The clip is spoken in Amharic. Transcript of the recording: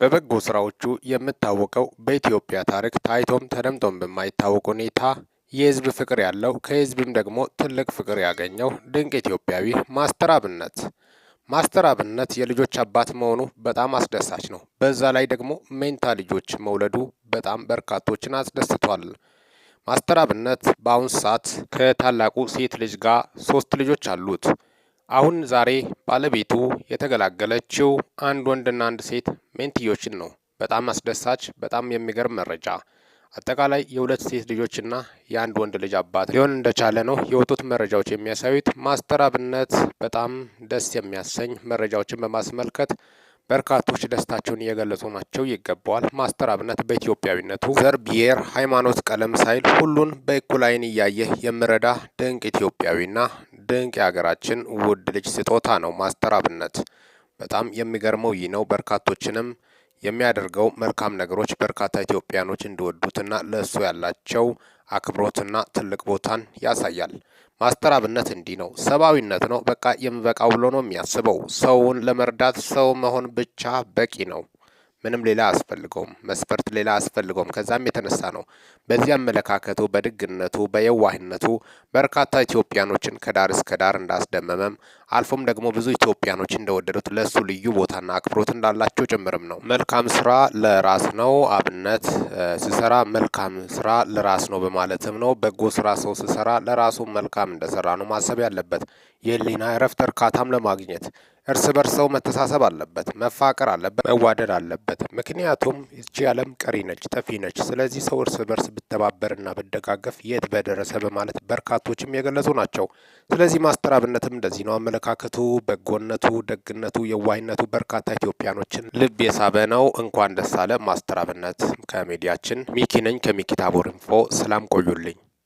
በበጎ ስራዎቹ የምታወቀው በኢትዮጵያ ታሪክ ታይቶም ተደምጦም በማይታወቅ ሁኔታ የህዝብ ፍቅር ያለው ከህዝብም ደግሞ ትልቅ ፍቅር ያገኘው ድንቅ ኢትዮጵያዊ ማስተር አብነት ማስተር አብነት የልጆች አባት መሆኑ በጣም አስደሳች ነው። በዛ ላይ ደግሞ ሜንታ ልጆች መውለዱ በጣም በርካቶችን አስደስቷል። ማስተር አብነት በአሁኑ ሰዓት ከታላቁ ሴት ልጅ ጋር ሶስት ልጆች አሉት። አሁን ዛሬ ባለቤቱ የተገላገለችው አንድ ወንድና አንድ ሴት ሜንትዮችን ነው። በጣም አስደሳች፣ በጣም የሚገርም መረጃ። አጠቃላይ የሁለት ሴት ልጆችና የአንድ ወንድ ልጅ አባት ሊሆን እንደቻለ ነው የወጡት መረጃዎች የሚያሳዩት። ማስተር አብነት በጣም ደስ የሚያሰኝ መረጃዎችን በማስመልከት በርካቶች ደስታቸውን እየገለጹ ናቸው። ይገባዋል። ማስተር አብነት በኢትዮጵያዊነቱ ዘር፣ ብሔር፣ ሃይማኖት፣ ቀለም ሳይል ሁሉን በእኩል አይን እያየ የምረዳ ድንቅ ኢትዮጵያዊና ድንቅ የሀገራችን ውድ ልጅ ስጦታ ነው ማስተር አብነት። በጣም የሚገርመው ይህ ነው። በርካቶችንም የሚያደርገው መልካም ነገሮች በርካታ ኢትዮጵያኖች እንዲወዱትና ለእሱ ያላቸው አክብሮትና ትልቅ ቦታን ያሳያል። ማስተር አብነት እንዲህ ነው፣ ሰብአዊነት ነው በቃ የሚበቃው ብሎ ነው የሚያስበው። ሰውን ለመርዳት ሰው መሆን ብቻ በቂ ነው። ምንም ሌላ አስፈልገውም መስፈርት ሌላ አስፈልገውም ከዛም የተነሳ ነው በዚህ አመለካከቱ፣ በድግነቱ፣ በየዋህነቱ በርካታ ኢትዮጵያኖችን ከዳር እስከ ዳር እንዳስደመመም አልፎም ደግሞ ብዙ ኢትዮጵያኖች እንደወደዱት ለእሱ ልዩ ቦታና አክብሮት እንዳላቸው ጭምርም ነው። መልካም ስራ ለራስ ነው አብነት ስሰራ መልካም ስራ ለራስ ነው በማለትም ነው። በጎ ስራ ሰው ስሰራ ለራሱ መልካም እንደሰራ ነው ማሰብ ያለበት የህሊና እረፍት እርካታም ለማግኘት እርስ በርስ ሰው መተሳሰብ አለበት፣ መፋቀር አለበት፣ መዋደድ አለበት። ምክንያቱም ይቺ ዓለም ቀሪ ነች፣ ጠፊ ነች። ስለዚህ ሰው እርስ በርስ ብተባበርና ብደጋገፍ የት በደረሰ በማለት በርካቶችም የገለጹ ናቸው። ስለዚህ ማስተር አብነትም እንደዚህ ነው። አመለካከቱ፣ በጎነቱ፣ ደግነቱ፣ የዋይነቱ በርካታ ኢትዮጵያኖችን ልብ የሳበ ነው። እንኳን ደስ አለ ማስተር አብነት። ከሚዲያችን ሚኪ ነኝ ከሚኪ ታቦር ኢንፎ። ሰላም ቆዩልኝ።